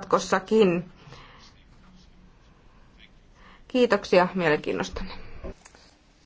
jatkossakin. Kiitoksia mielenkiinnostanne.